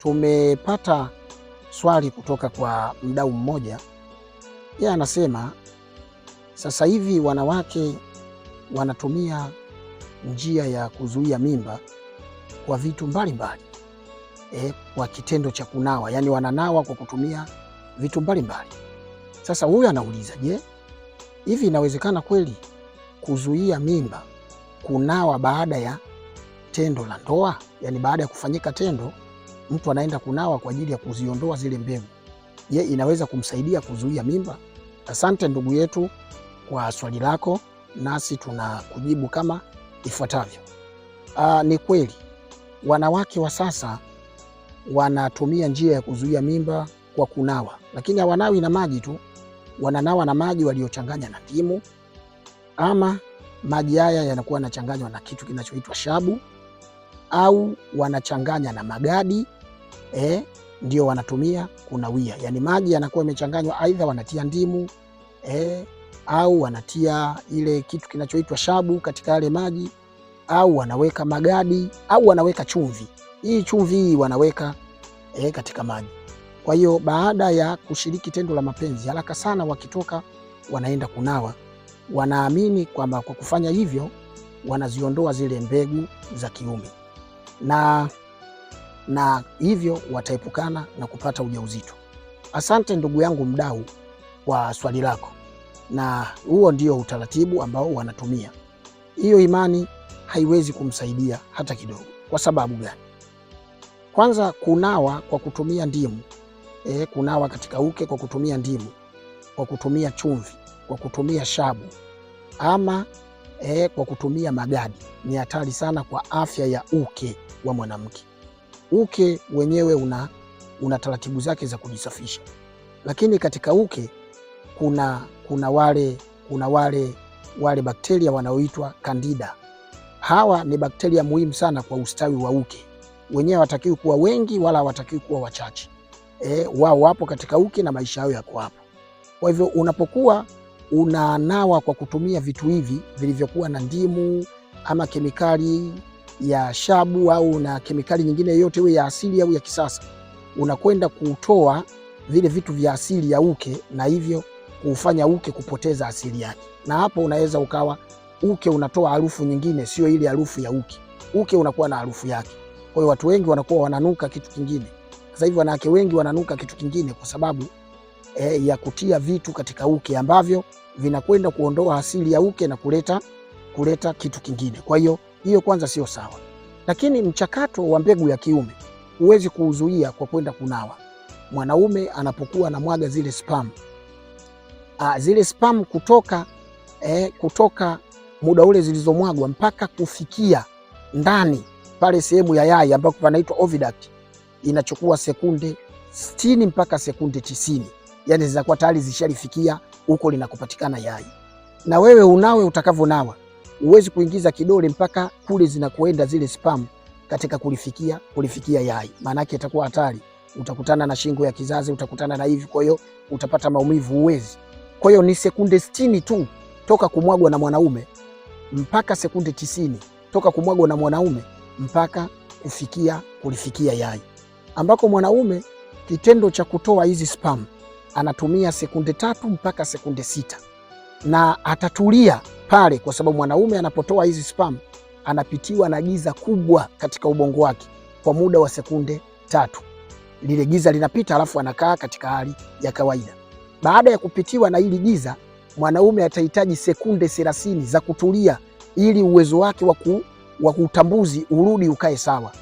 Tumepata swali kutoka kwa mdau mmoja, yeye anasema sasa hivi wanawake wanatumia njia ya kuzuia mimba kwa vitu mbalimbali mbali. Eh, e, kwa kitendo cha kunawa, yaani wananawa kwa kutumia vitu mbalimbali mbali. Sasa huyu anauliza je, hivi inawezekana kweli kuzuia mimba kunawa baada ya tendo la ndoa, yaani baada ya kufanyika tendo mtu anaenda kunawa kwa ajili ya kuziondoa zile mbegu, je, inaweza kumsaidia kuzuia mimba? Asante ndugu yetu kwa swali lako, nasi tuna kujibu kama ifuatavyo. Aa, ah, ni kweli wanawake wa sasa wanatumia njia ya kuzuia mimba kwa kunawa, lakini hawanawi na maji tu, wananawa na maji waliochanganya na ndimu, ama maji haya yanakuwa yanachanganywa na kitu kinachoitwa shabu, au wanachanganya na magadi eh, ndio wanatumia kunawia, yaani maji yanakuwa yamechanganywa, aidha wanatia ndimu eh, au wanatia ile kitu kinachoitwa shabu katika yale maji, au wanaweka magadi au wanaweka chumvi. Hii chumvi hii wanaweka eh, katika maji. Kwa hiyo baada ya kushiriki tendo la mapenzi, haraka sana wakitoka wanaenda kunawa. Wanaamini kwamba kwa kufanya hivyo wanaziondoa zile mbegu za kiume na na hivyo wataepukana na kupata ujauzito. Asante ndugu yangu mdau kwa swali lako, na huo ndio utaratibu ambao wanatumia. Hiyo imani haiwezi kumsaidia hata kidogo. Kwa sababu gani? Kwanza, kunawa kwa kutumia ndimu e, kunawa katika uke kwa kutumia ndimu, kwa kutumia chumvi, kwa kutumia shabu ama e, kwa kutumia magadi ni hatari sana kwa afya ya uke wa mwanamke. Uke wenyewe una, una taratibu zake za kujisafisha, lakini katika uke kuna, kuna wale, kuna wale, wale bakteria wanaoitwa kandida. Hawa ni bakteria muhimu sana kwa ustawi wa uke wenyewe, hawatakiwi kuwa wengi wala hawatakiwi kuwa wachache. E, wao wapo katika uke na maisha yao yako hapo. Kwa hivyo unapokuwa unanawa kwa kutumia vitu hivi vilivyokuwa na ndimu ama kemikali ya shabu au na kemikali nyingine yoyote iwe ya asili au ya kisasa, unakwenda kutoa vile vitu vya asili ya uke na hivyo kuufanya uke kupoteza asili yake, na hapo unaweza ukawa uke unatoa harufu nyingine, sio ile harufu ya uke. Uke unakuwa na harufu yake. Kwa hiyo watu wengi wanakuwa wananuka kitu kingine. Sasa hivi wanawake wengi wananuka kitu kingine kwa sababu eh, ya kutia vitu katika uke ambavyo vinakwenda kuondoa asili ya uke na kuleta kuleta kitu kingine. Kwa hiyo hiyo kwanza sio sawa. Lakini mchakato wa mbegu ya kiume huwezi kuuzuia kwa kwenda kunawa. Mwanaume anapokuwa na mwaga zile spam a, ah, zile spam kutoka, eh, kutoka muda ule zilizomwagwa mpaka kufikia ndani pale sehemu ya yai ambapo panaitwa oviduct inachukua sekunde 60 mpaka sekunde 90, yani zinakuwa tayari zishalifikia huko linakopatikana yai. Na wewe unawe utakavonawa huwezi kuingiza kidole mpaka kule zinakoenda zile spam katika kulifikia, kulifikia yai, yake itakuwa hatari. Utakutana na shingo ya kizazi, utakutana na hivi, kwa hiyo utapata maumivu, huwezi. Kwa hiyo ni sekunde 60 tu toka kumwagwa na mwanaume mpaka sekunde tisini toka kumwagwa na mwanaume mpaka kufikia kulifikia yai, ambako mwanaume kitendo cha kutoa hizi spam anatumia sekunde tatu mpaka sekunde sita na atatulia pale, kwa sababu mwanaume anapotoa hizi spam anapitiwa na giza kubwa katika ubongo wake kwa muda wa sekunde tatu. Lile giza linapita, alafu anakaa katika hali ya kawaida. Baada ya kupitiwa na hili giza, mwanaume atahitaji sekunde thelathini za kutulia ili uwezo wake wa kuutambuzi urudi ukae sawa.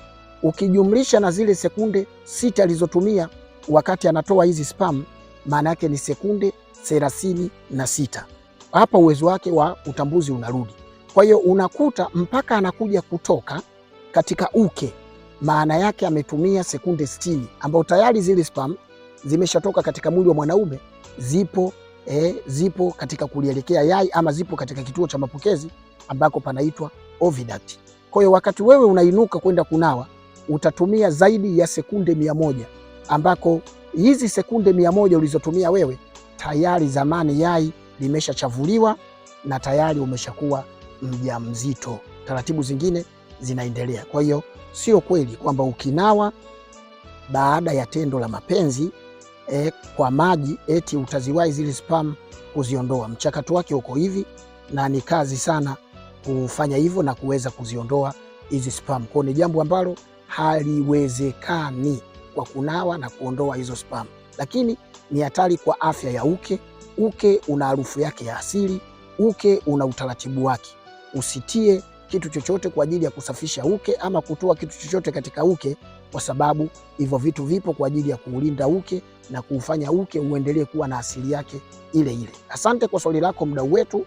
Ukijumlisha na zile sekunde sita alizotumia wakati anatoa hizi spam, maana yake ni sekunde thelathini na sita hapa uwezo wake wa utambuzi unarudi. Kwa hiyo unakuta mpaka anakuja kutoka katika uke, maana yake ametumia sekunde 60 ambao tayari zile sperm zimeshatoka katika mwili wa mwanaume zipo eh, zipo katika kulielekea yai ama zipo katika kituo cha mapokezi ambako panaitwa oviduct. Kwa hiyo wakati wewe unainuka kwenda kunawa utatumia zaidi ya sekunde mia moja ambako hizi sekunde mia moja ulizotumia wewe tayari zamani yai limeshachavuliwa na tayari umeshakuwa mjamzito. Taratibu zingine zinaendelea. Kwa hiyo sio kweli kwamba ukinawa baada ya tendo la mapenzi eh, kwa maji eti utaziwahi zile spam kuziondoa. Mchakato wake uko hivi na ni kazi sana kufanya hivyo na kuweza kuziondoa hizi spam Kwa ni jambo ambalo haliwezekani kwa kunawa na kuondoa hizo spam lakini ni hatari kwa afya ya uke Uke una harufu yake ya asili, uke una utaratibu wake. Usitie kitu chochote kwa ajili ya kusafisha uke ama kutoa kitu chochote katika uke, kwa sababu hivyo vitu vipo kwa ajili ya kuulinda uke na kuufanya uke uendelee kuwa na asili yake ile ile. Asante kwa swali lako mdau wetu.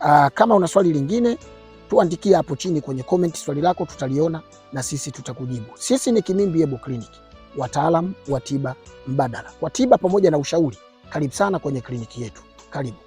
Aa, ah, kama una swali lingine tuandikie hapo chini kwenye comment swali lako, tutaliona na sisi tutakujibu. Sisi ni Kimimbi Ebo Clinic, wataalamu wa tiba mbadala kwa tiba pamoja na ushauri. Karibu sana kwenye kliniki yetu, karibu.